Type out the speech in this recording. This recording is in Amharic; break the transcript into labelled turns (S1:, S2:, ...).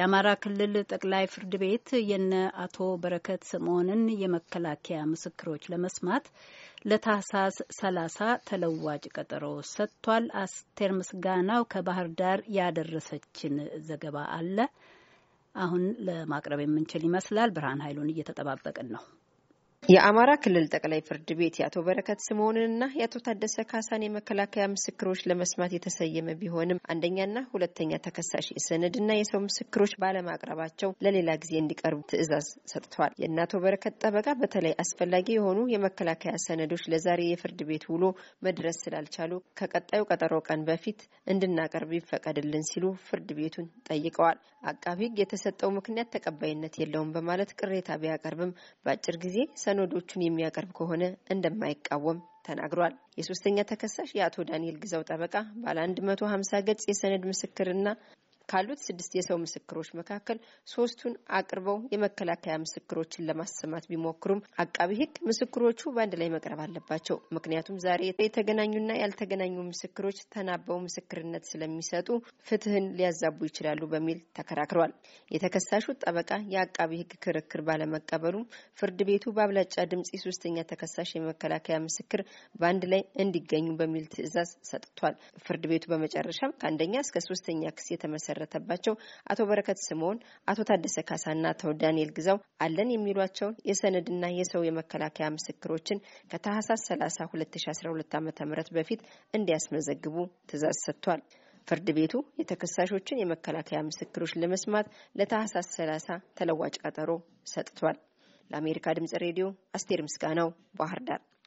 S1: የአማራ ክልል ጠቅላይ ፍርድ ቤት የነ አቶ በረከት ስምኦንን የመከላከያ ምስክሮች ለመስማት ለታህሳስ 30 ተለዋጭ ቀጠሮ ሰጥቷል። አስቴር ምስጋናው ከባህር ዳር ያደረሰችን ዘገባ አለ። አሁን ለማቅረብ የምንችል ይመስላል። ብርሃን ኃይሉን እየተጠባበቅን ነው።
S2: የአማራ ክልል ጠቅላይ ፍርድ ቤት የአቶ በረከት ስምኦንንና የአቶ ታደሰ ካሳን የመከላከያ ምስክሮች ለመስማት የተሰየመ ቢሆንም አንደኛና ሁለተኛ ተከሳሽ የሰነድና የሰው ምስክሮች ባለማቅረባቸው ለሌላ ጊዜ እንዲቀርቡ ትዕዛዝ ሰጥቷል። የእነ አቶ በረከት ጠበቃ በተለይ አስፈላጊ የሆኑ የመከላከያ ሰነዶች ለዛሬ የፍርድ ቤት ውሎ መድረስ ስላልቻሉ ከቀጣዩ ቀጠሮ ቀን በፊት እንድናቀርብ ይፈቀድልን ሲሉ ፍርድ ቤቱን ጠይቀዋል። አቃቢ ሕግ የተሰጠው ምክንያት ተቀባይነት የለውም በማለት ቅሬታ ቢያቀርብም በአጭር ጊዜ ሰነ ሰነዶቹን የሚያቀርብ ከሆነ እንደማይቃወም ተናግሯል። የሶስተኛ ተከሳሽ የአቶ ዳንኤል ግዛው ጠበቃ ባለ 150 ገጽ የሰነድ ምስክርና ካሉት ስድስት የሰው ምስክሮች መካከል ሶስቱን አቅርበው የመከላከያ ምስክሮችን ለማሰማት ቢሞክሩም አቃቢ ሕግ ምስክሮቹ በአንድ ላይ መቅረብ አለባቸው፣ ምክንያቱም ዛሬ የተገናኙና ያልተገናኙ ምስክሮች ተናበው ምስክርነት ስለሚሰጡ ፍትህን ሊያዛቡ ይችላሉ በሚል ተከራክሯል። የተከሳሹ ጠበቃ የአቃቢ ሕግ ክርክር ባለመቀበሉም ፍርድ ቤቱ በአብላጫ ድምጽ ሶስተኛ ተከሳሽ የመከላከያ ምስክር በአንድ ላይ እንዲገኙ በሚል ትዕዛዝ ሰጥቷል። ፍርድ ቤቱ በመጨረሻም ከአንደኛ እስከ ሶስተኛ ክስ የተመሰረ የተመሰረተባቸው አቶ በረከት ስምኦን፣ አቶ ታደሰ ካሳና አቶ ዳንኤል ግዛው አለን የሚሏቸውን የሰነድና የሰው የመከላከያ ምስክሮችን ከታህሳስ 30 2012 ዓ ም በፊት እንዲያስመዘግቡ ትእዛዝ ሰጥቷል። ፍርድ ቤቱ የተከሳሾችን የመከላከያ ምስክሮች ለመስማት ለታህሳስ 30 ተለዋጭ ቀጠሮ ሰጥቷል። ለአሜሪካ ድምጽ ሬዲዮ አስቴር ምስጋናው ባህር ዳር